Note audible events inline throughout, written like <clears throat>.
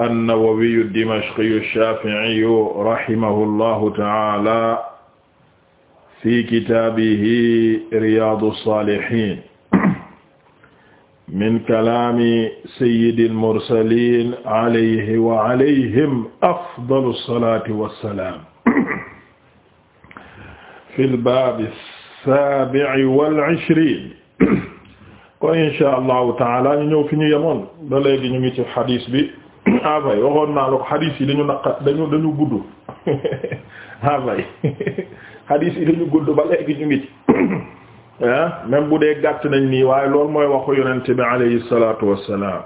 an-Nawawiyu ad-Dimashqiyu ash-Shafi'iyu rahimahullahu ta'ala fi kitaabihi Riyaadu as-Saalihiin min kalaami sayyidil mursaliin alayhi wa alayhim afdalu salaati wa salaam fil baabi saabi'i wal ishriin kon inshaa Allahu ta'aala ñu ñëw fi ñu yemoon ba léegi ñu ngi ci hadiis bi avay waxoon naa la ko xadiis yi dañu naqa dañu dañu gudd avay <laughs> <laughs> xadiis yi dañu gudd ba léegi ñu ngi ci <coughs> ah, même bu dee gàtt nañ nii waaye loolu mooy waxu yonente bi alayhi salatu wassalaam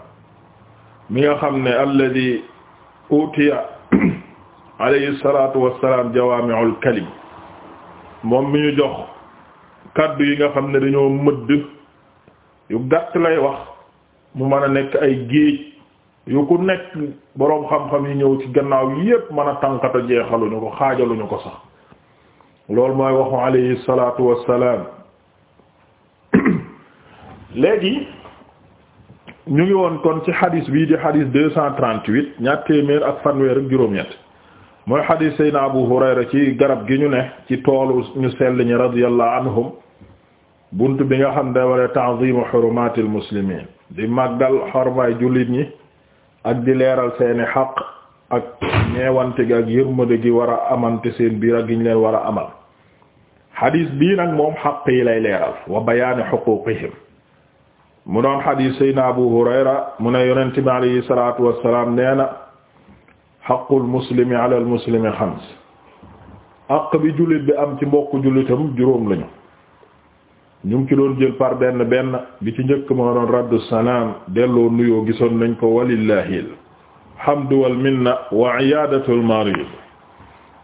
mi nga xam ne alladi utiya <coughs> alayhi salatu wassalaam jawaami'ul kalim moom mi ñu jox kaddu yi nga xam ne dañoo mëdd yu gàtt lay wax mu mën a nekk ay géej yu ku nekk boroom xam-xam yi ñëw ci gannaaw yépp mën a tànkata jeexaluñu ko xaajaluñu ko sax loolu mooy waxu alayhi salaatu wassalaam <clears throat> léegi ñu ngi woon kon ci xadis bii di xadis deux cent trente-huit ñaar téeméer ak fanweer ak juróom-ñett mooy xadis sayna Abu Hurayra ci garab gi ñu ne ci toolu ñu sell ñi radiyallahu anhum bunt bi nga xam ne wala ta'zimu hurumatil muslimin di màggal xormaay jullit ñi ak di leeral seeni xaq ak ñeewante gi ak yërmande gi war a amante seen biir leen war a amal xadiis bii nag moom xaq lay leeral wa bayaani xuquqihim mu doon xadiis sayna abu hurayra mu ne yonent bi alayhi salaatu wassalaam nee na xaqul muslimi ala al bi jullit bi am ci mbokk julit juróom lañu ñu ngi ci doon jël par benn benn bi ci njëkk moo doon raddu salaam delloo nuyoo gisoon nañ ko walillahil hamdu wal minna wa iyadatul marid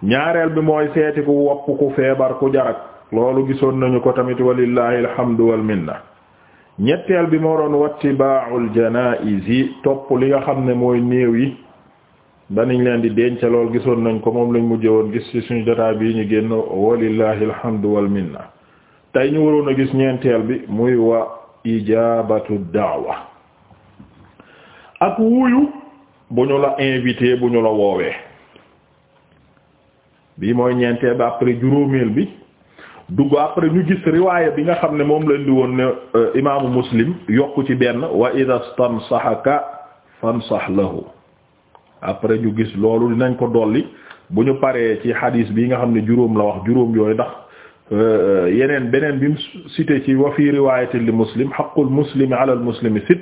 ñaareel bi mooy seeti ku wopp ku feebar ku jarak loolu gisoon nañu ko tamit walillahil hamdu wal minna ñetteel bi moo doon wattibaa'ul janaa'izi topp li nga xam ne mooy néew yi danañ leen di denc lool gisoon nañ ko moom lañ mujjee woon gis ci suñu jotaay bii ñu génn walillahi alhamdu wal minna tey ñu waroon a gis ñeenteel bi muy wa ijabatu daawa ak wuyu bu ñu la invité bu ñu la woowee bii mooy ñeenteel bi après juróomeel bi dugg après ñu gis riwaaya bi nga xam ne moom lañ di woon ne euh, imaamu muslim yokku ci benn wa ida stansahaka fansax lahu après ñu gis loolu dinañ ko dolli bu ñu paree ci xadiis bi nga xam ne juróom la wax juróom yooyu ndax Euh, yeneen beneen bi mu cité ci wa fi riwaayatin li muslim xaqul muslimi ala al muslimi sit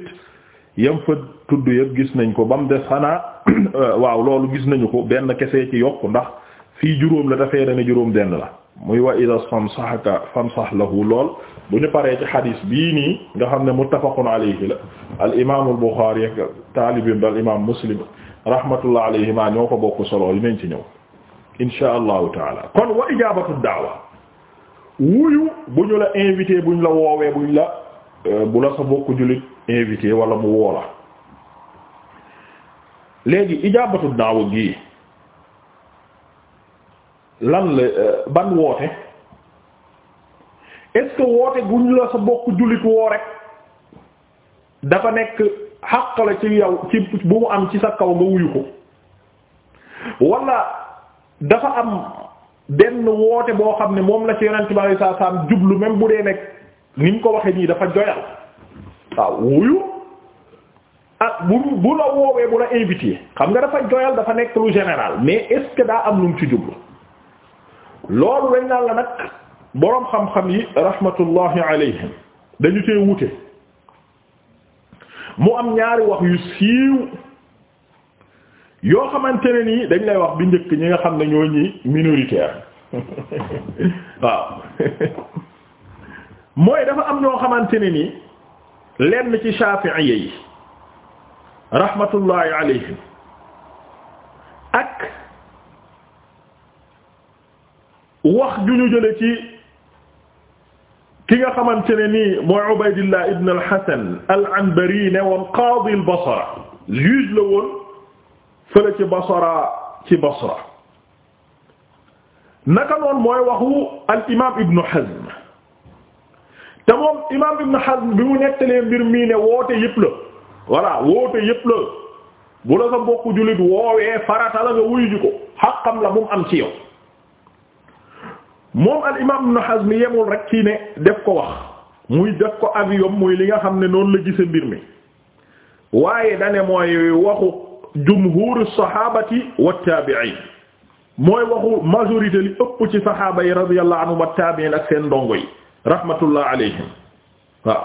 yam fa tudd yëpp gis nañ ko ba mu des xanaa euh, waaw loolu gis nañu ko benn kese ci yokk ndax fii juróom la dafee na ne juróom denn la muy wa ida samsahaka famsah lahu lool bu ñu paree ci xadiis bii nii nga xam ne muttafaqun alayhi la al imaamul Buxaari ak taalibim al imaam Muslim rahmatullah alayhima ñoo ko bokk solo li nañ ci ñëw insha allahu taala kon wa ijaabatu daawa wuyu bu ñu la invité buñ la woowee buñ la euh, bu la sa bokk jullit invité wala mu woo la léegi ijaabatu daawa gii lan la euh, ban woote est-ce que woote guñ la sa bokk jullit woo rek dafa nekk xaq la ci yow ci bu mu am ci sa kaw nga wuyu ko wala dafa am benn woote boo xam ne moom la ci yonent bi alayhi salaam jublu même bu dee nekk ni mu ko waxee nii dafa joyal waaw wuyu ah bu bu la woowee bu la invité xam nga dafa joyal dafa nekk lu général mais est daa am lu mu ci jublu loolu lañ naan la nag boroom xam-xam yi rahmatullahi alayhim dañu cee wute mu am ñaari wax yu siiw. yoo xamante ne nii dañ lay wax bi njëkk ñi nga xam ne ñoo ñi minoritaire <laughs> waaw <laughs> mooy dafa am ñoo xamante ne nii lenn ci shafi'iyya yi rahmatullahi alayhim ak wax ju ñu jële ci ki nga xamante ne nii mooy Ubaydillah ibn al-Hasan al-Anbari ne woon qaadi al-Basra juge la woon fële ci basara ci basra naka noonu mooy waxu al ibnu hazm te imaam ibnu hazm bi mu nettalee mbir mii ne woote yëpp la voilà woote yëpp la bu la sa mbokku jullit woowee farata la nga wuyu ji ko xaqam la mu am ci yow moom al ibnu hazm yemul rek ci ne def ko wax muy def ko avion muy li nga xam ne noonu la gise mbir mi waaye dane mooy waxu jumhuru sahabati wa tabi'in mooy waxu majorité li ëpp ci saxaaba yi radiyallahu anhum wa tabi'in ak seen ndongo yi rahmatullah alayhim waaw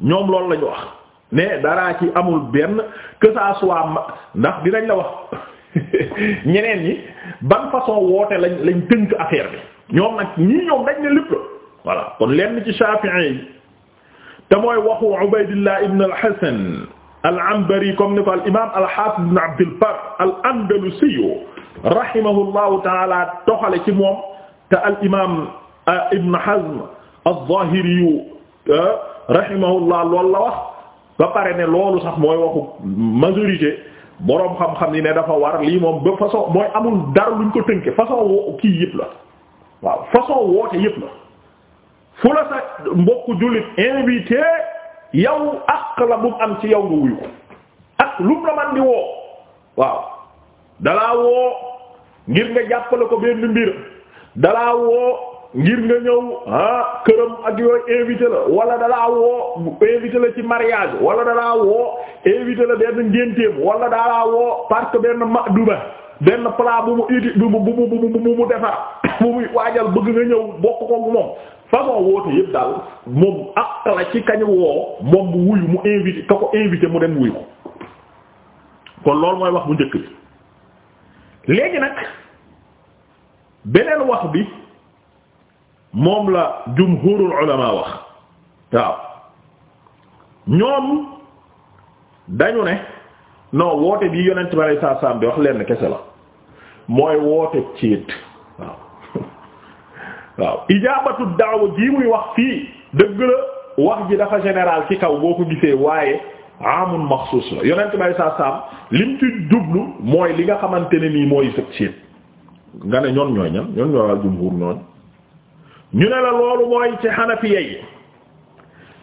ñoom loolu lañu wax ne daraa ci amul benn que ça soit ndax dinañ la wax <laughs> ñeneen ñi ban façon woote lañ lañ tënk affaire bi ñoom nag ñii ñoom dañ ne lépp la voilà kon lenn ci Shafi'i yi te mooy waxu Ubaydillah ibn al al-Anbari comme ni ko al imaam al-Hafiz ibn Abd al-Barr al-Andalusi rahimahullahu ta'ala toxale ci moom te al imaam euh, Ibn Hazm az-Zahiri euh, rahimahullah loolu la wax ba pare ne loolu sax mooy waxu majorité boroom xam-xam yi ne dafa war li moom ba façon mooy amul dara luñ ko tënke façon woo kii yëpp la waaw façon woote yëpp la fu la sa mbokku jullit invité. yow ak la bu mu am ci yow nga wuyu ko ak lu mu la woo waaw dalaa woo ngir nga jàppale ko benn mbir dalaa woo ngir nga ñëw ah këram ak yooyu invité la wala dalaa woo invité ci mariage wala dalaa woo invité benn ngénteem wala dalaa woo parce que benn ma duba benn plat bu mu uti bu mu bu mu defar <coughs> bu muy waajal bëgg nga ñëw bokk ko moom façon woote yëpp daal moom ak la ci kañ woo moom bu wuyu mu invité ka ko invité mu dem wuyu ko kon loolu mooy wax mu njëkk bi léegi nag beneen wax bi moom la jum jumhurul ulama wax waaw ñoom dañu ne non woote bi yonent bi sallallahu alayhi bi wax leen kese la mooy woote ciit waaw ijaabatu daaw jii muy wax fii dëgg la wax ji dafa général ci kaw boo ko gisee waaye amun maxsuus la yonent bay saa saam lim ci jublu mooy li nga xamante ne nii mooy sëg siin nga ne ñoon ñooy ñan ñoon ñooy al jumhur ñoon ñu ne la loolu mooy ci xanafiya yi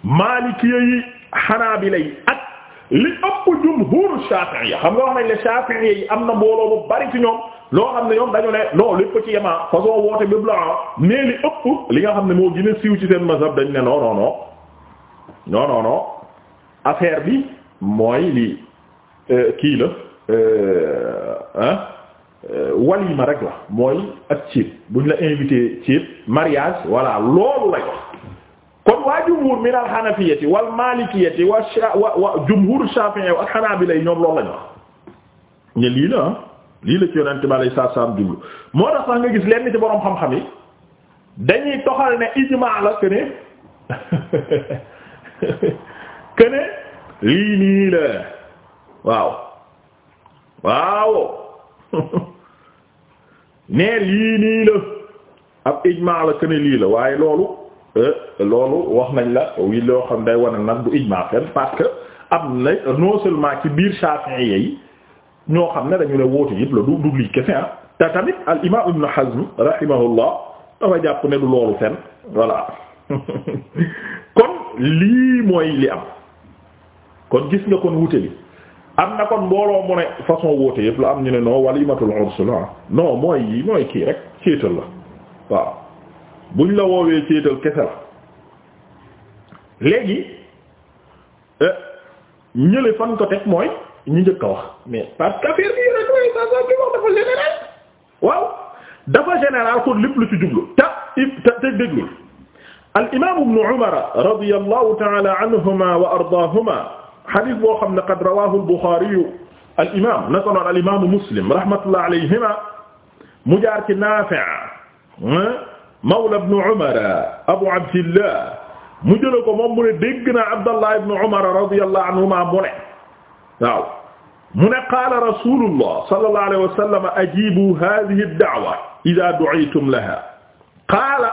maalikiya yi xanaabila yi ak li ëpp jumhur Shafi'i xam nga wax nañ ne Shafi'i yi am na mbooloo bu bari ci ñoom loo xam ne ñoom dañu ne non lépp ci yema façon woote bépp la mais li ëpp li nga xam ne moo gën a siiw ci seen mazhab dañ ne non non non bi mooy li euh, kii la ah walima rek la mooy ak ciib buñ la invité ciib mariage wala loolu lay wax kon waa jumhur min al hanafiyati wal malikiyati wa wa jumhur shafi'i ak hanabila ñoom loolu lañu ne lii la lii la ci yonent bi alayhi salaatu salaam jublu moo tax sax nga gis lenn ci boroom xam-xam yi dañuy toxal ne ijmaa <laughs> <laughs> la que ne lii la waaw waaw ne lii nii la ab ijmaa la que lii la waaye loolu. Euh, loolu wax nañ la wi loo xam day wane nag du ijmaa fenn parce que am na non seulement ci biir Shafi'i yi ñoo xam ne dañu ne woote yëpp la du du lii kese ah te tamit al imaam Ibn Hazm rahimahullah dafa jàpp ne du loolu fenn voilà <laughs> kon lii mooy li am kon gis nga kon wute bi am na kon mbooloo mu ne façon woote yëpp la am ñu ne non walimatul urs la ah. non mooy mooy kii rek ciital la waaw. buñ la woowee céetal kese la léegi euh, ñële fan ko teg mooy ñu njëkk a wax mais parce que affaire bi rek mooy sa sa bi wax dafa général waaw dafa général kon lépp lu ci jublu te te déglu al imam ibn umar radiyallahu ta'ala anhuma wa ardaahuma hadith boo xam ne qad rawahu al bukhari al imam naka noon al imam muslim rahmatullah alayhima mu jaar ci Naafi' mawla ibn Umar Abu Abdillah mu jëla ko moom mu ne dégg naa Abdallah ibn Umar radiyallahu anhuma mu ne waaw mu ne qaala rasulullah sallallahu alayhi wa sallam ajibu hadhihi ad-da'wa idha du'itum laha qaala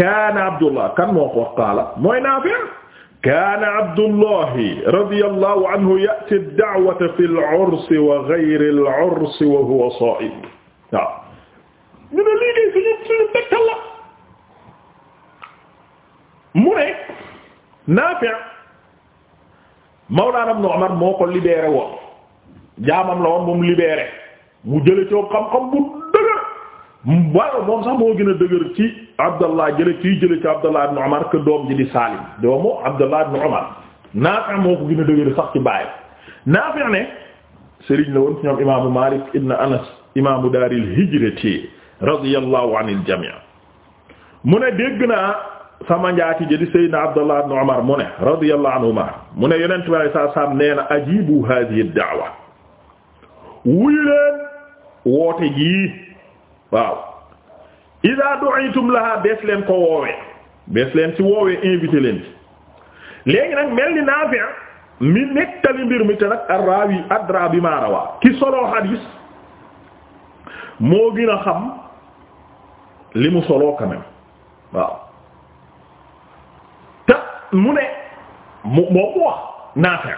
kaana Abdullah kan moo ko qaala mooy Naafi' kaana Abdullah radiyallahu anhu ya'ti ad-da'wata fil 'ursi wa ghayri al-'ursi wa huwa saa'im waaw ñu ne lii de suñu suñu tegtal la mu ne Naafi' Mawlaana Ibn Umar moo ko libéré woon jaamam la woon moom libéré mu jële coob xam-xam bu dëgër waaye moom sax moo gën a dëgër ci Abdallah jële ciy jële ci Abdallah ibn Umar que doom ji di Saalim doomu Abdallah ibn Umar Naafi' moo ko gën a dëgër sax ci baay Naafi' ne sëriñ la woon ci ñoom imaamu Maalik ibn Anas imaamu daaril hijrati radiyallahu anil jami' mu ne dégg naa sama njaati ji di sayyidina Abdullah ibn mu ne radiyallahu anhuma mu ne yonent bi sallallahu alayhi wasallam nee na ajibu leen woote jii waaw ida du'itum laha bees leen ko woowee bees leen ci woowee invité leen nag mel ni Naafi' mi nettali mbir mi te nag raawi adra bi maa rawaa ki solo hadis moo gën xam li mu soloo quand même waaw te mu ne mu moo ko wax Naafi'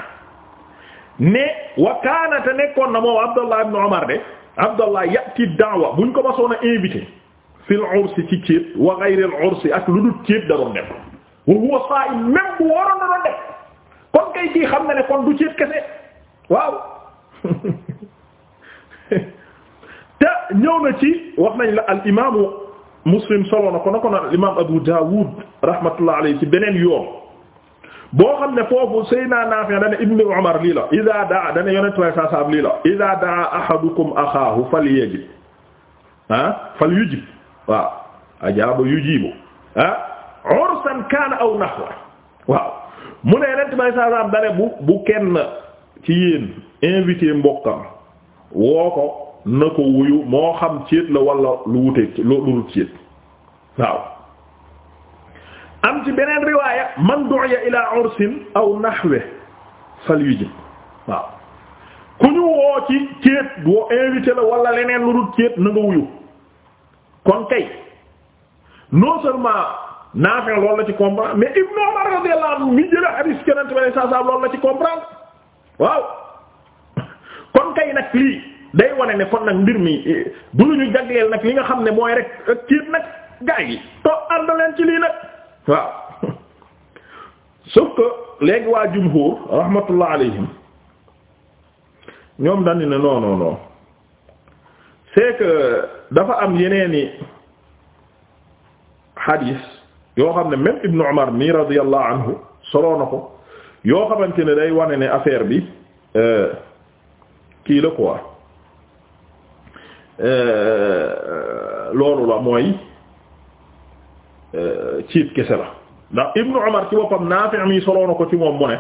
ne wa kaana te nekkoon na moom Abdallah ibn Umar de Abdallah yati da'wa buñ ko masoon a invité fil ursi ci céet wa ghayril bu waroon da doon ci xam céet waaw <laughs> te ñëw na ci wax nañ la al imaamu muslim solo na ko na ko na imaam Abu Dawud rahmatullah alayhi ci beneen yoon boo xam ne foofu Seydina Naafi' dana Ibnu Umar lii la idaa daa dana yonent way saa saab lii la idaa daa ahadukum axaahu falyajib ah falyujib waaw ajaaba yujibu ah ursan kaana aw nahwa waaw mu ne yonent bay saa saab dana bu bu kenn ci yéen invité mbokkam woo ko na ko wuyu moo xam céet la wala lu wuteeg lu dul céet waaw am ci beneen riwaaya man du'iya ila ursin aw nahwe falyujib waaw ku ñu woo ci céet woo invité la wala leneen lu dul céet na nga wuyu kon kay non seulement Naafi loolu la ci comprendre mais Ibn Umar radiyallahu anhu mi jëla hadis keneen tamit saa saa loolu la ci comprendre waaw kon kay nag lii. day wane ne kon nag mbir mi du lu ñu jagleel nag li nga xam ne mooy rek kiit nag gaa yi to ànd leen ci lii nag waaw <laughs> sauf que léegi waa jumhur rahmatullah alayhim ñoom dañu ne non non dafa am yeneeni xadiis yoo xam ne même Ibn Umar mi radiyallahu anhu soloo na ko yoo xamante ne day wane ne affaire bi euh, kii la quoi Euh, loolu la mooy euh, ciit kese la ndax ibnu umar ci boppam naafi' mi soloo ko ci moom mu ne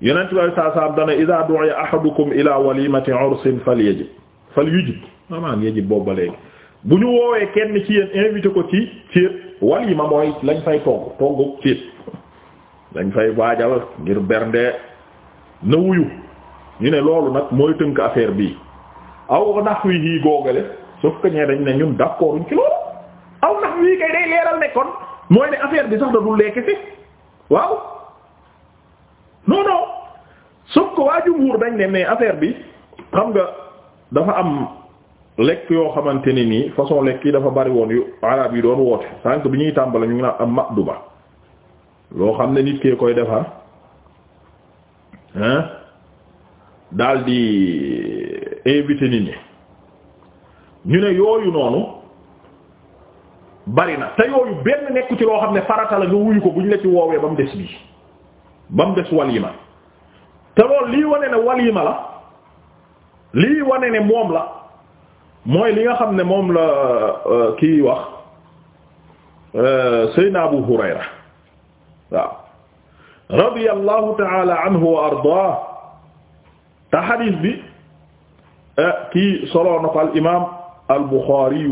yonent bi saa saam dana idaa du'iya ahadukum ila walimati ursin falyajib bu ñu woowee kenn ci invité ko ci ciit walima mooy lañ fay togg toggu ciit dañ fay waajal ngir bernde na wuyu ñu ne loolu nag mooy tënk affaire bii aw ndax wi yii googale sauf que ñee dañ ne ñun d'accord uñ aw ndax wii kay day leeral ne mooy ne affaire bi sax da dul lekk si waaw non non sauf waa jumhuur dañ ne mais affaire bi xam nga dafa am lekk yoo xamante ni nii façon lekk yi dafa bari woon yu arab yi doon woote sànq bi ñuy tàmbale ñu ngi naan am maduba loo xam ne nit kee koy defar hein daldi invité nit ñi ñu ne yooyu noonu bari na te yooyu benn nekku ci loo xam ne farata la nga wuyu ko bu ñu la ci woowee ba mu des bii ba mu des walima te loolu lii wane ne walima la lii wane ne moom la mooy li nga xam ne moom la euh, kii wax euh, Seydina Abu Hurayra waaw radiyallahu ta'ala anhu wa ardaah te xadiis bi Eh, kii solo na ko al imaam al Buxaari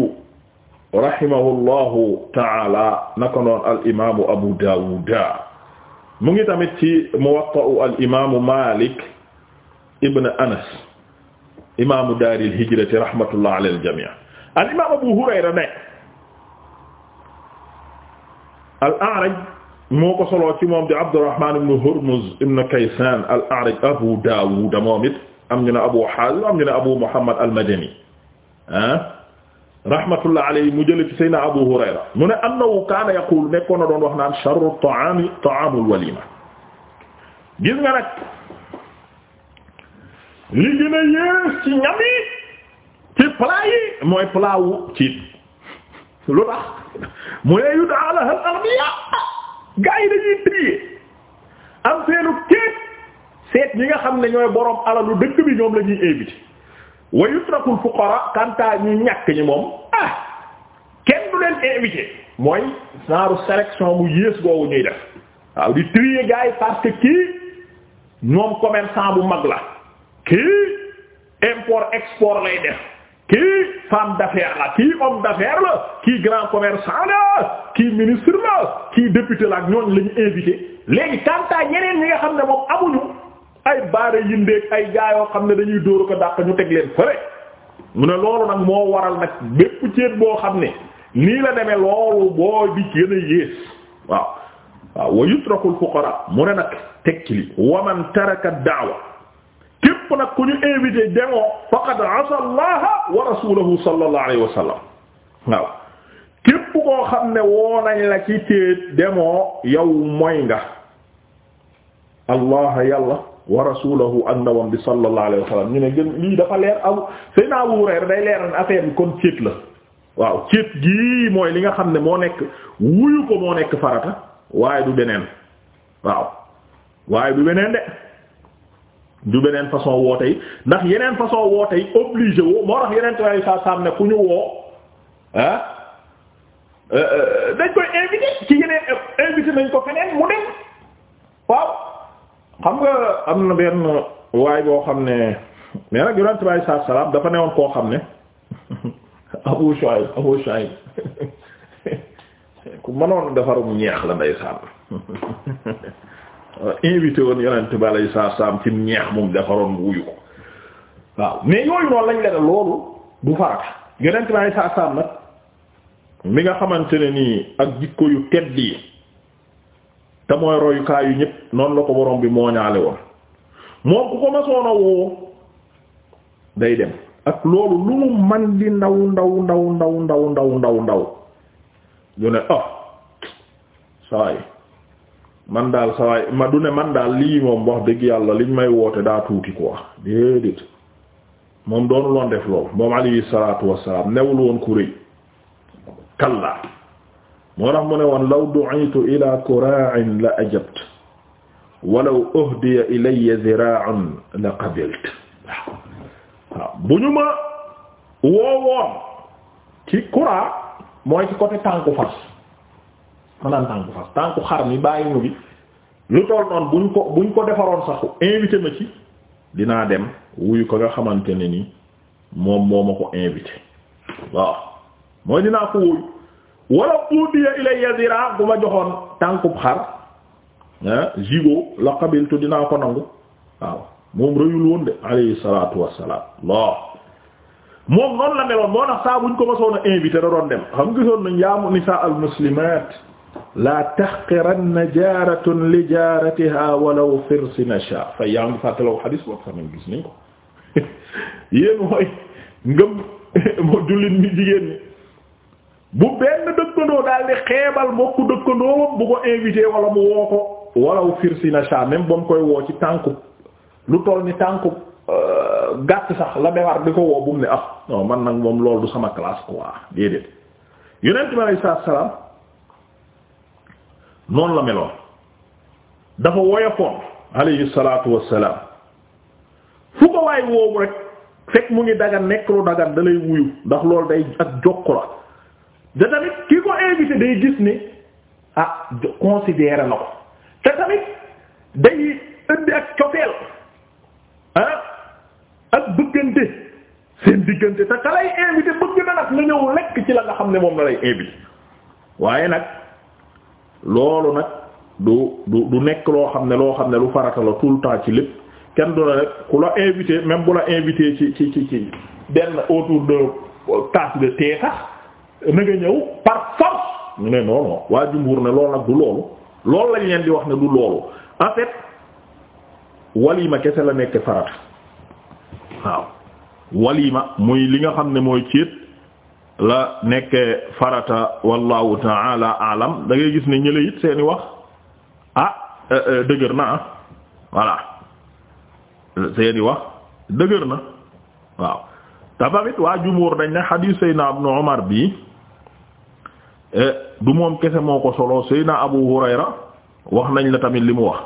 rahimahullahu taala naka noonu al imaamu Abu Daawud mu ngi tamit ci Muwatta al imaamu Maalik ibn Anas imaamu daaril hijrati rahmatullah ala al jamii al imaam Abu Hurayra ne al A'raj moo ko solo ci moom di Abdurrahmaan ibn Hurmuz ibn Kaysaan al A'raj Abu Daawud moom it am ñu ne Abu Haazim am ñu ne Abu Muhammad al-Madani ah rahmatullah alayhi mu jële ci Seydina Abu Hurayra mu ne annahu kaana yaqulu nekkoon na doon wax naan sharru ta'aami ta'aamul walima gis nga nag li gën a yées ci ñam yi ci plat yi mooy plat wu ciit lu tax mu ne yu daalaha al-aghniyaa gars yi dañuy trier am seenu ciit léeg-léeg ñi nga xam ne ñooy borom alalu dëkk bi ñoom la ñuy éviter wa yutrakul fuqara kanta ñu ñàkk ñi moom ah kenn du leen éviter mooy genre sélection mu yées googu ñuy def waaw di trier gars parce que kii ñoom commerçant bu mag la kii import export lay def kii femme d'affaires la kii homme d'affaires la kii grand commerçant la kii ministre la kii député la ak ñooñ la invité léegi tant ñeneen ñi nga xam ne moom amuñu ay baare yindeeg ay gaayoo xam ne dañuy dóoru ko dàq ñu teg leen fëre mu ne loolu nag moo waral nag bépp ceet boo xam ne nii la demee loolu boo bi gën a yées waaw waaw wa yutrakul fuqara mu ne nag tekki li waman taraka daawa képp nag ku ñu invité demoo faqad asa allaha wa rasulahu sallallahu waaw képp koo xam ne woo la ci céet demoo yow mooy nga allah yàlla wa rasulahu ak ndawam bi sallallahu alayhi wa ñu ne gën dafa leer aw naa Abu day leeral affaire bi kon céet la waaw céet gii mooy li nga xam ne moo nekk wuyu ko moo nekk farata waaye du beneen waaw waaye du beneen de du beneen façon woote yi ndax yeneen façon woote yi obligé woo moo tax yeneen traité saa saam ne ku ñu woo ah euh, euh, dañ koy invité ci yeneen invité nañ ko feneen mu dem waaw. xam nga am na benn waay boo xam ne mais nag yonent bi alayhi salaam dafa newoon koo xam ne <laughs> Abu Shuayb Abu Shuayb <laughs> ku mënoon defarum ñeex la ndeysaan <laughs> invité woon yonent bi alayhi salaam ci ñeex moom defaroon wuyu ko waaw mais yooyu noonu lañ la loolu du farata yonent bi alayhi salaam nag mi nga xamante ne nii ak jikko yu tedd yi te mooy royukaay yu noonu la ko borom bi mooñaale woon moom ku ko ma soona woo day dem ak loolu lu mu man di ndaw ndaw ndaw ndaw ndaw ndaw ndaw ndaw du ne ah sawaay man daal sawaay ma du ne man daal lii moom wax dëgg yàlla liñ may woote daa tuuti quoi déedéet moom doonu loon def loolu moom alayhi wassalaam newul woon ku rëy kallaa moo tax mu ne woon law du'itu ila kura'in la ajabt walaw uhdiya ilayya zira'un la qabilt waaw bu ñu ma woowoon ci kuraa mooy ci côté tànku fas maanaam tànku fas tànku xar mi bàyyi ñu bi lu toll noonu buñ ko buñ ko defaroon sax invité ma ci dinaa dem wuy ko nga xamante ne ni moom moo ma ko invité mooy dinaa ko wuyu wala udiya ilayya zira bu ma joxoon tànkub xar jigo la qabiltu dinaa ko nangu waaw moom rëyul woon de alayhi salatu wassalam lo moom noonu la meloon moo tax saa buñ ko mosoon a invité da doon dem xam gisoon nañ yaa nisaa al muslimat la tahqiranna jaratun li jaratiha walaw na nasha fay yaa ngi fàttalaw xadis boobu sax nañ gis nañ ko <laughs> yéen mooy ngëm <laughs> mo jullit mi jigéen ñi bu benn dëkkandoo daal di xeebal mbokku dëkkandoo bu ko invité wala mu woo ko walaw firsi na sha même ba mu koy woo ci tànku lu toll ni tànku euh, gàtt sax la bewar di ko woo bu mu ne ah non man nag moom loolu du sama classe quoi déedéet yonent bi alayhi salaatu salaam noonu la meloon dafa woyofoon alayhi salaatu wassalaam fu ko waay woowu rek fekk mu ngi dagan nekk lu dagan da wuyu ndax loolu day ak jokk la da tamit ki ko invité day gis ne ah considéré na ko te tamit day indi ak cofeel ah ak bëggante seen diggante te ka lay invité bëgg na nag nga ñëw lekk ci la nga xam ne moom la lay invité waaye nag loolu nag du du du nekk loo xam ne loo xam ne lu farata la tout le temps ci lépp kenn du la rek ku la invité même bu la invité ci ci ci ci benn autour de tasse de thé na ñëw par force ñu ne non non waa jumhur ne loolu nag du loolu loolu lañ leen di wax ne du loolu en fait kese la nekk farata waaw walima muy li nga xam ne mooy céet la nekk farata wallahu taala alam dangay gis ne ñële it seeni wax ah euh, euh, dëgër na ah voilà seeni wax dëgër na waaw te waa jumhur dañ ne xadiis sayna ibnu Umar bi Eh, du moom kese moo ko solo Seydina Abu Hurayra wax nañ la tamit li mu wax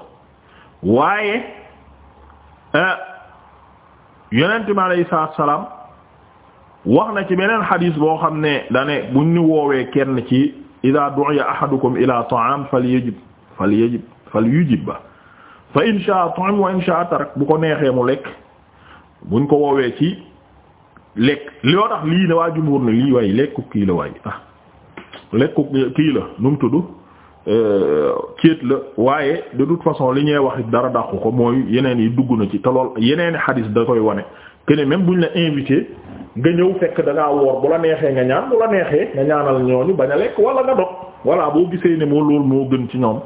waaye eh, yonent bi alayhi salaam wax na ci beneen xadiis boo xam ne dane buñ ñu woowee kenn ci idaa du'iya ahadukum ila ta'am falyajib falyajib falyujib ba fa in sha'a wa in tarak bu ko neexee mu lekk buñ ko woowee ci lekk loo tax lii ne waa jumhur ne lii waay lekku kii la waay ah. lekku kii la nu mu tudd euh, céet la waaye de toute façon li ñuy wax dara dàqu ko mooy yeneen yi dugg na ci te lool yeneen i xadis da koy wane que ne même buñ la invité nga ñëw fekk da ngaa woor bu la neexee nga ñaan bu la neexee nga ñaanal ñooñu bañ a lekk wala nga dog voilà boo gisee ne moo loolu moo gën ci ñoom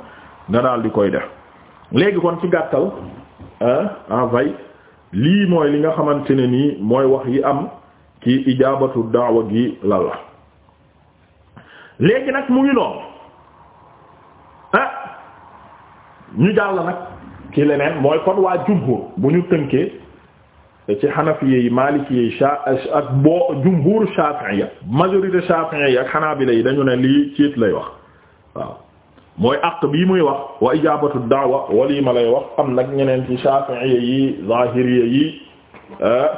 nga daal di koy def léegi kon ci gàttal en vay lii mooy li nga xamante ne nii mooy wax yi am ci ijaabatu daawa gi lan la léegi nag mu ngi noonu ah ñu jàll nag ci leneen mooy kon waa jumhur bu ñu tënkee ci xanafiye yi maliki yi sha ak boo jumhur shafi'iyya majorité shafi'iyya yi ak xanaabila yi dañu ne lii ciit lay wax mooy àq bii muy wax wa ijabatu da'wa walii ma lay wax am nag ñeneen ci shafi'iyya yi zahiriyya yi eh,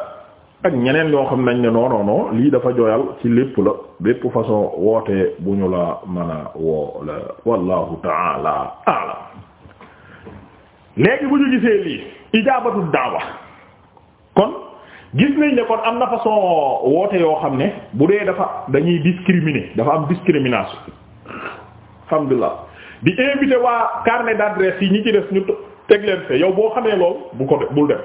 ak ñeneen yoo xam nañ ne non non non lii dafa jooyal ci lépp la lépp façon woote bu ñu la mën a woo la wallahu taala alam léegi bu ñu gisee lii ijaabatu daawa kon gis nañ ne kon am na façon woote yoo xam ne bu dee dafa dañuy discriminer dafa am discrimination alhamdulilah di invité waa carnet d'adresse yi ñu ci def ñu teg leen fe yow boo xamee lool bu ko def bul def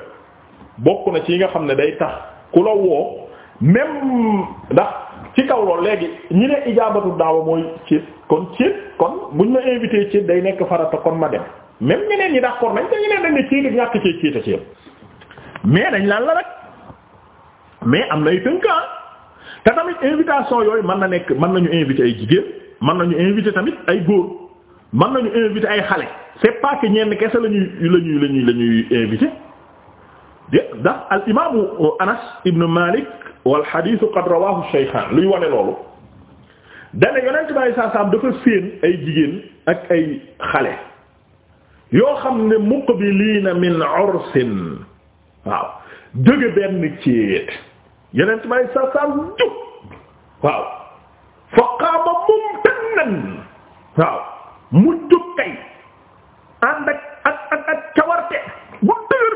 bokk na ci yi nga xam ne day tax ku la woo même ndax ci kaw loolu léegi ñi ne ijaabatu daawa mooy céet kon céet kon buñ ma invité céet day nekk farata kon ma dem même ñeneen ñi d'accord nañ te ñeneen dañ ne céet ak ñàkk céet céet a céet mais dañ lan la rek mais am nay tënkaa ah te tamit invitation yooyu mën na nekk mën nañu invité ay jigéen mën nañu invité tamit ay góor mën nañu invité ay xale c'est pas que ñenn kese la ñuy lañuy ñuy invité ndax al imaamu Anas ibn Malik wal hadith qad rawahu shaykhan luy wane loolu dana yonent bàyyi saa saam dafa séen ay jigéen ak ay xale yoo xam ne muqbiliina min ursin waaw jóge benn ceet yonent bàyyi saa saam jub waaw fa qaama mumtannan waaw mu jub kay ànd ak ak ak ak cawarte bu dëgër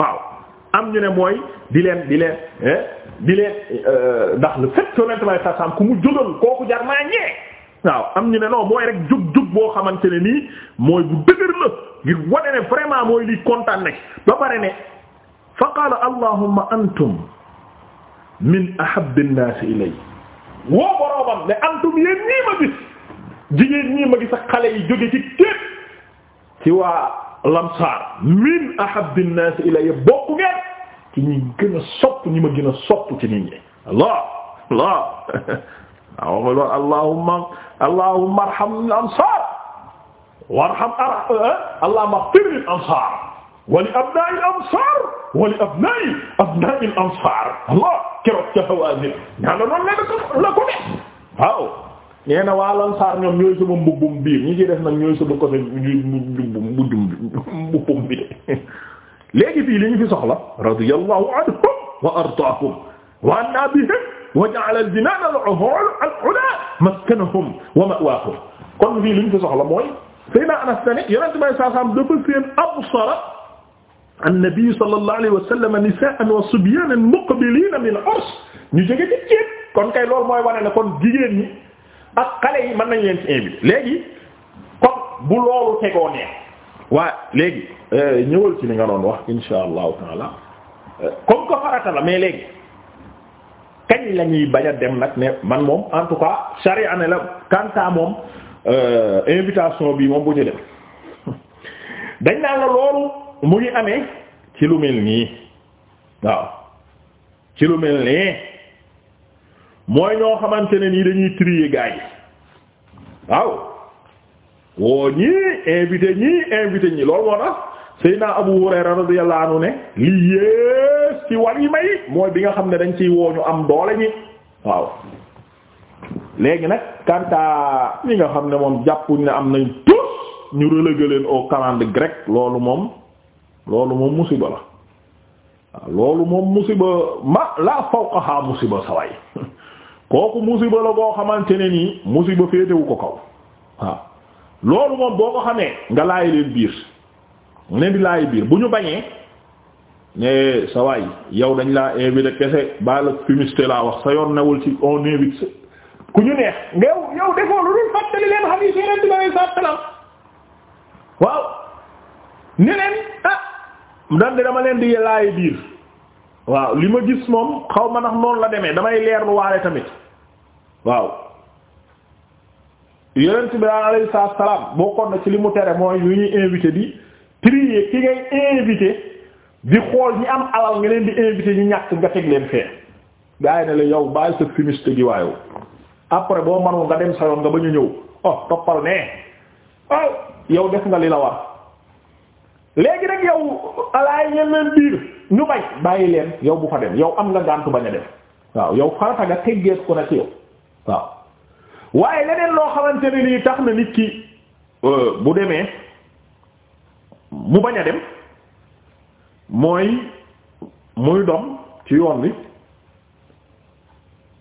waaw am ñu ne mooy di leen di leen eh, di leen euh, ndax le fait yonent may sasam ku mu jógal kooku jar waaw am ñu ne non mooy rek jug-jug boo xamante ne nii mooy bu dëgër la ngir wane ne vraiment mooy lii kontaan na ba pare ne fa qaala allahumma antum min ahabbi nnaasi ilay woo boroomam ne antum yéen ñii ma gis jigéen ñii ma gis ak xale yi jóge ci képp ci waa lamsaar min ahab an-nas ilayya bokk ngeen ci ñi gën a sopp ñi ma gën a sopp ci nit ñi allah allah waaw ma lool allahumma allahumma arham al-ansar warham eh, allahumma ighfir lil-ansar wa li abna'i al-ansar wa li abna'i abna'i al-ansar allah keroog ca Hawaazin ñaana noonu la ko ne waaw nee na waa lansaar ñoom ñooy sama mbubbum ci def nag ñooy sama côté mbubbum mbubbum bi de léegi fii li ñu fi soxla radiyallahu anhum wa ardaahum wa anna wa ja'ala al al-'ulaa maskanahum wa ma'waahum kon fii li ñu fi soxla mooy Seydina Anas tani yonent may saa saam dafa seen absara an-nabi sallallahu alayhi wa sallam nisaa'an wa subyaanan muqbiliina min 'urs ñu jóge ci ceeb kon kay loolu mooy wane ne kon jigéen ñi ak xale yi man nañ leen ci invité léegi kon bu loolu tegoo neex waaye léegi euh, ñëwal ci li nga doon wax insha allahu taala euh, comme que farata la mais léegi kañ la ñuy bañ a dem nag ne man moom en tout cas charia ne la kanta moom euh, invitation bi moom bu ci dem <laughs> dañ naan la loolu mu ngi amee ci lu mel nii waaw ci lu mel nii mooy ñoo xamante ne nii dañuy trie gaa yi waaw woo ñii invité ñi invité ñii loolu moo tax Seydina Abu Hurayra radiyallahu anhu ne lii yées ci war yi may mooy bi nga xam ne dañ ciy woo ñu am doole ñi waaw léegi nag kanta ñi nga xam ne moom jàppuñ ne am nañ tous ñu relégué leen au calendrier grec loolu moom loolu moom musiba la loolu moom musiba ma la fawqaha musiba saway <laughs> kooku musiba la boo xamante ne nii musiba féetewu ko kaw waaw loolu moom boo ko xamee nga laaj leen biir ne di laaj biir bu ñu bañee ne sa waay yow dañ laa invité kese baal ak fumiste laa wax sa yoon newul ci on invite ku ñu neex nga yow yow defoo lu dul fàttali leen xam yi si ren di la waaw ne leen ah dan dama leen di laaj biir waaw li ma gis moom xaw ma ndax noonu la demee damay leer lu tamit. waaw yonent bi daal alayhi salaatu wa salaam bokkoon na ci li mu tere mooy yu ñuy invité di trier ki ngay invité di xool ñi am alal nga leen di invité ñu ñàkk nga teg leen fee gaa ne la yow bàyyi sa fumiste gi après boo mënul nga dem sa yoon nga ba ñu ñëw oh toppal nee oh yow def nga li la war léegi nag yow alaay ñeen leen biir ñu bañ bàyyi leen yow bu fa dem yow am nga gàntu bañ a dem waaw yow farata nga teggees ko na ci yow waaw waaye leneen loo xamante ne nii tax na nit ki euh, bu demee mu bañ a dem mooy muy doom ci yoon wi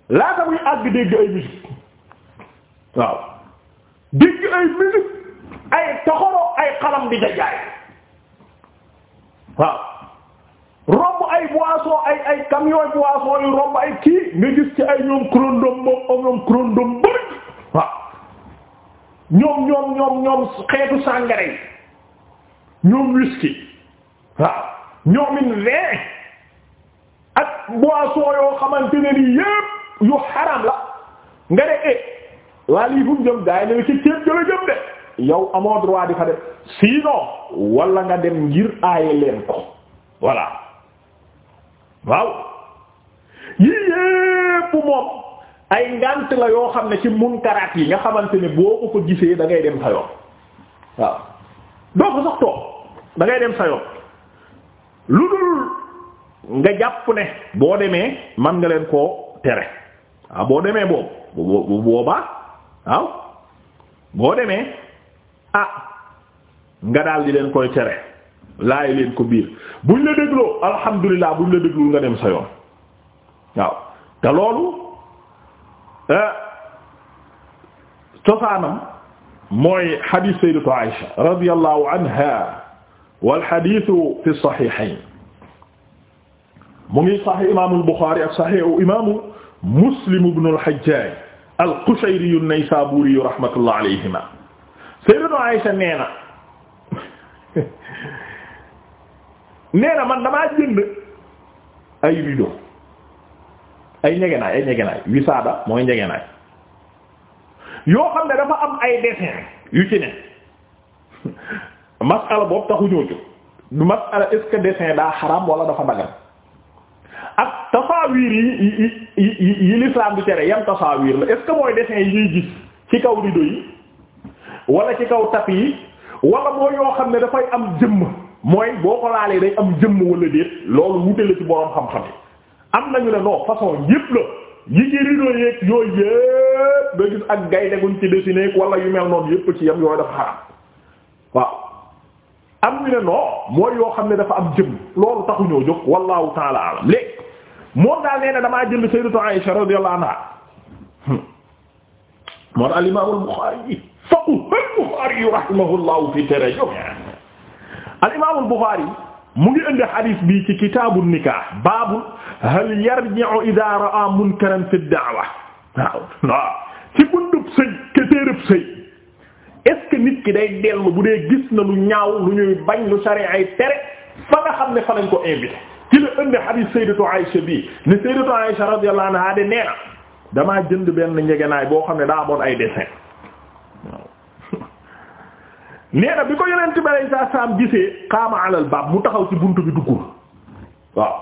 laata muy àgg dégg ay musique waaw dégg ay musique ay toxoro ay xalam di jajaay waaw romb ay boisson ay ay camion boisson yu romb ay kii nga gis ci ay ñoom kurondom moom ñoom kurondom bëri waaw ñoom ñoom ñoom xeetu sàngara yi ñoom whisky waaw ñoomin vin ak boisson yoo xamante ne ni yépp yu xaram la nga de e eh, waa lii fu mu jëm daay ne ci ceeb jëla jëm de yow amoo droit di fa def sinon wala nga dem ngir aaye leen ko voilà waaw yii yépp moom ay ngànt la yoo xam ne ci munkaraat yi nga xamante ne boo ko ko gisee dangay dem sa waaw doo ko sax toog da ngay dem sa yoon lu dul nga jàpp ne boo demee man nga leen koo tere waaw boo demee boobu bu boobaa waaw boo demee ah nga daal di leen koy tere laay leen ko biir buñ la dégloo alhamdulilah buñ la déglul nga dem sa yoon waaw te loolu eh, cosaanam mooy xadiis sayyidatu Aïsha radiyallahu anha wal xadiisu fi saxiixayn mu ngi saxiix imaamul Buxaari ak saxiixu imaamu Muslim ibnul Hajjaaj al-Qushayri an-Naysaabuuri rahmatullahi alayhimaa sayyidatu Aïsha nee na nee man damaa jënd ay rido ay ñegenaay ay ñegenaay wisaada mooy ñegenaay yoo xam ne dafa am ay dessin yu ci ne masala boobu taxu ñoo jóg du masala est dessin daa xaram wala dafa dagal ak tasaawiir yi yi yi yi l'islam du tere la est-ce que mooy dessin yi ñuy gis ci kaw rido yi wala ci kaw tapis yi wala mooy yoo xam ne dafay am jëmm mooy boo ko laalee day am jëmm wala déet loolu wute la ci borom xam-xam yi am nañu ne non façon yépp la yépp nga gis ak gaynde guñ ci dessiné wala yu mel noonu yépp ci yam yooyu dafa xaram waaw am ñu ne non mooy yoo xam ne dafa am jëmm loolu taxu ñoo jóg wallahu taala alam léegi moom daal nee na damaa jël sayyidatu Aisha radiyallahu anha moom al-imam al-Bukhari faqih al-Bukhari rahimahullahu fi tarjuma al imaamul Buxaari mu ngi indi xadiis bi ci kitaabu nikah baabu hal yarji'u idaa ra'a munkaran fi da'wa waaw waaw ci bundub sëy keteerub sëy est nit ki day dellu bu dee gis na lu ñaaw lu ñuy bañ lu sari ay tere fa nga xam ne fa lañ ko invité ci la indi xadiis sayyidatu Aysa bi ne sayyidatu Aysa radiyallahu anha de nee damaa jënd benn njëgënaay boo xam ne daa amoon ay dessin nee na bi ko yonent bi alayhi salaam gisee qaama alal baab mu taxaw ci buntu bi duggul waaw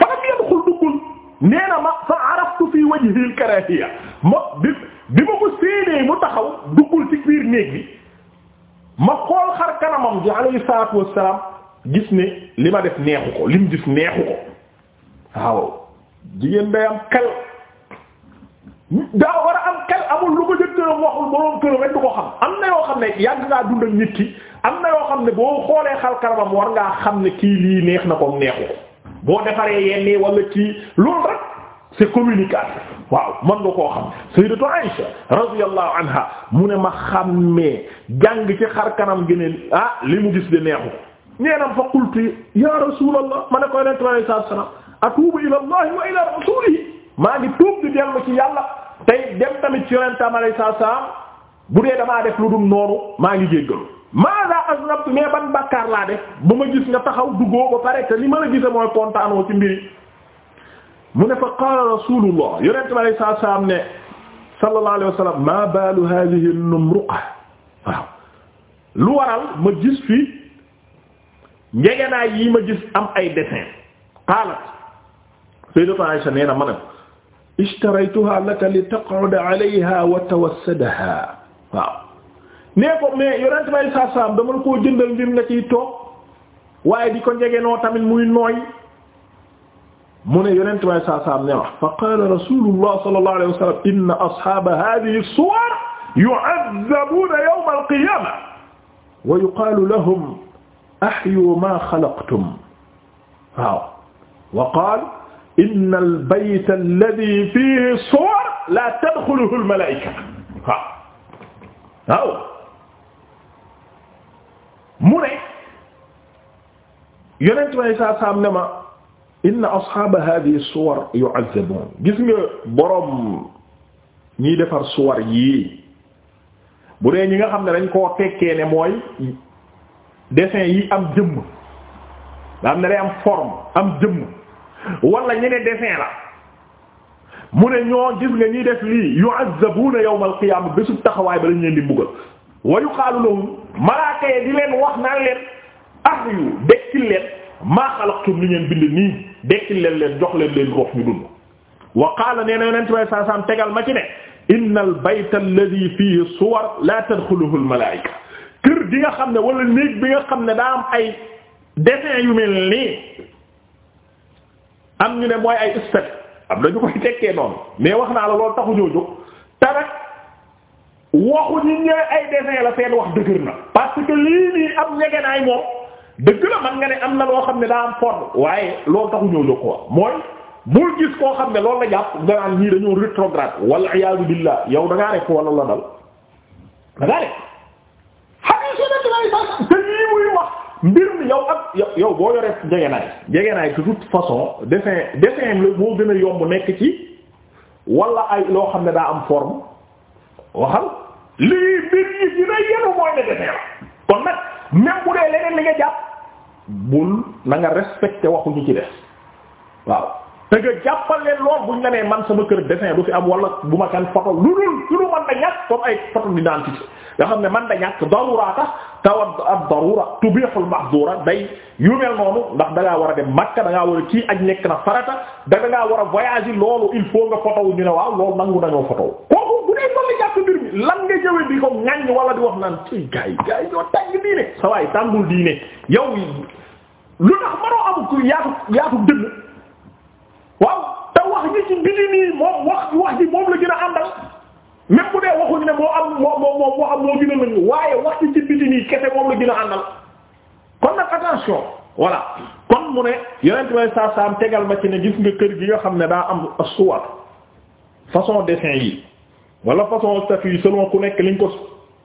fa lam yadxul duggul nee ma fa araftu fi wajhi al ma bi bi ma ko séenee mu taxaw duggul ci biir néeg bi ma xool xar kanamam ji alayhi salaatu wassalaam gis ne li ma def neexu ko lim gis neexu ko waaw jigéen day am daa war a am xel amul lu ko jëkkëram waxul boroom këram rek du ko xam am na yoo xam ne yàgg ngaa dund ak nit ki am na yoo xam ne boo xoolee xal karamam war ngaa xam ne kii lii neex na ko neexu ko boo defaree yenni wala kii loolu rek c'est communication waaw mën nga koo xam sayyidatu Aisha radiyallahu anha mu ne ma xàmmee jàng ci xar kanam gi ne ah li mu gis de neexu neenam fa qultu ya rasulallah ma ne koy nent bi alei salatu wa salam wa maa ngi tuub di dellu ci yàlla tey dem tamit ci yonentam alayhi salaam bu dee damaa def lu dum noonu maa ngi jéggalu maada aznabtu mais ban bàkkaar laa def bu ma gis nga taxaw duggoo ba pare te li ma la gise mooy kontaanoo ci mbiri mu ne fa qaala rasulullah yonentam alayhi salaam ne sallallahu alayhi wa ma baalu hadhihi an-numruqa waaw lu waral ma gis fii njegenaay yi ma gis am ay dessin qaalat sayyidatu Aisha nee na ma ne ishtaraytuha laka li taq'uda alayha wa tawassadaha waaw nee ko mais yonent bay saa saam dama la koo jëndal ngir nga ciy toog waaye di ko njegenoo tamit muy nooy mu ne yonent bay saa saam ne wax fa qaala rasulullah sallallahu alayhi wa sallam inna ashaaba hadhihi as-suwar yu'adhabuna yawm al-qiyamah wa yuqalu lahum ahyu ma khalaqtum waaw wa qaala innal bayta alladhi fihi suwar la tadxuluhu al malaa'ika waaw waaw mu ne yonent may saa saam ne ma inna asxaaba hadhihi suwar yu'azzabuun gis nga boroom ñiy defar suwar yii bu dee ñi nga xam ne dañ koo tekkee ne mooy dessin yi am jëmm nga xam ne day am forme am jëmm wala ñu ne la mu ne ñoo gis nga ñuy def lii yu'azzabuna yawmal qiyaama bésu taxawaay ba lañ leen di mbugal wa yuqaalu lahum malaaka yi di leen wax naan leen ahyu dekkil leen maa xalaqtum li ngeen bind nii leen leen jox leen leen roof ñu dund wa qaala nee na yonent tegal ma ci ne innal bayta alladhi fihi suwar la tadxuluhu al nga xam ne wala néeg bi nga xam ne daa am ay dessin yu mel nii am ñu ne mooy ay statut am dañu koy tekkee noonu mais wax naa la lool taxu ñoo jóg te nag waxu ñu ay dessin la seen wax dëgër na parce que lii nii am ñegenaay moom dëgg la man nga ne am na loo xam ne daa am forme waaye loolu taxu ñoo jóg quoi mooy bul gis koo xam ne loolu la jàpp nga naan ñii dañoo rétrograde wala iyaadu billah yow da ngaa nekk la dal da ngaa nekk. xam nga soo te lii muy wax. mbir mi yow ak yow boo yoree jegenaay jegenaay de toute façon dessin dessin moo gën a yomb nekk ci walla ay loo xam ne daa am forme waxal lii mbir yi dina yenu mooy ne dessin kon nag même bu dee leneen li nga bul na nga respecté waxuñu ci des waaw te nga jàppal leen lool buñ la nee man sama kër dessin du fi am wala bu ma kan photo lu dul lu mën da ñàkk comme ay photo d'identité nga xam ne man da ñàkk darura tax tawad ad darura tubihul mahdura day yu mel noonu ndax da war a dem Makka da ngaa war a kii aj nekk na farata da ngaa war a voyager loolu il faut nga photo wu ñu ne waaw loolu nangu dañoo photo kooku bu dee loolu la jàpp mbir mi lan nga jëwe di ko ŋaññ wala di wax naan ci gaay gaay ñoo tàng diine sa yow lu tax mënoo waaw te wax ji ci biti nii moom wax wax ji moom la gën a àndal même bu dee waxuñ ne moo am moo moo moo am moo gën a nañu waaye wax ji ci biti kese moom la gën a àndal kon nag attention voilà kon mu ne yonent may saa saam tegal ma ci ne gis nga kër gi nga xam ne daa am suwar façon dessin yi wala façon statue yi selon ku nekk liñ ko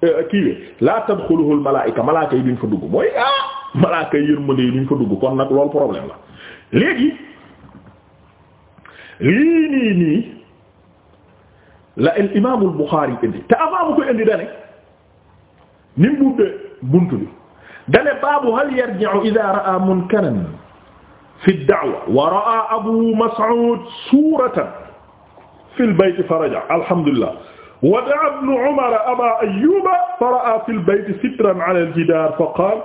euh, kiiwee laa tadxuluhul malaayika malaaka yi duñ fa dugg mooy ah malaaka yi yërmande yi duñ fa dugg kon nag loolu problème léegi lii nii nii la el imaamul Buxaari indi te avant mu koy indi dane ni mu buddee buntu bi dane baabu hal yarji'u idha ra'a munkaran fi ad-da'wa wa ra'a Abu Mas'ud suuratan fi al-bayt faraja alhamdulillah wa da'a ibnu Umar Aba Ayyuba fara'a fi al-bayt sitran 'ala al-jidaar fa qaala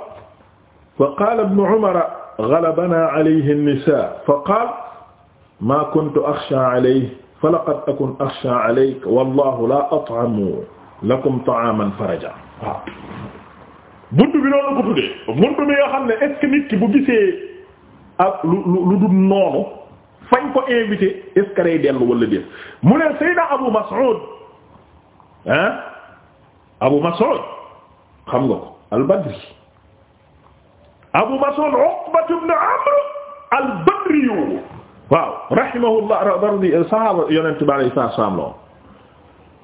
fa qaala ibnu Umar ghalabana 'alayhi an-nisaa fa qaala maa kuntu axsha alayhi fa laqad akun axsha alayk wallahu la at'amu lakum ta'aman faraja waaw bunt bi noonu la ko tuddee bunt bi nga xam ne est-ce que nit ki bu gisee ak lu lu dul noonu fañ ko invité est-ce que day dellu wala déet mu ne Seydina Abu Mas'ud ah Abu Mas'ud xam nga ko al-Badri Abu Mas'ud Uqba ibn Amr al-Badri waaw rahimahullah radi sahaba yonent bi alei saatu salaam la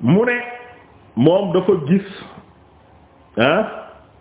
mu ne moom dafa gis ah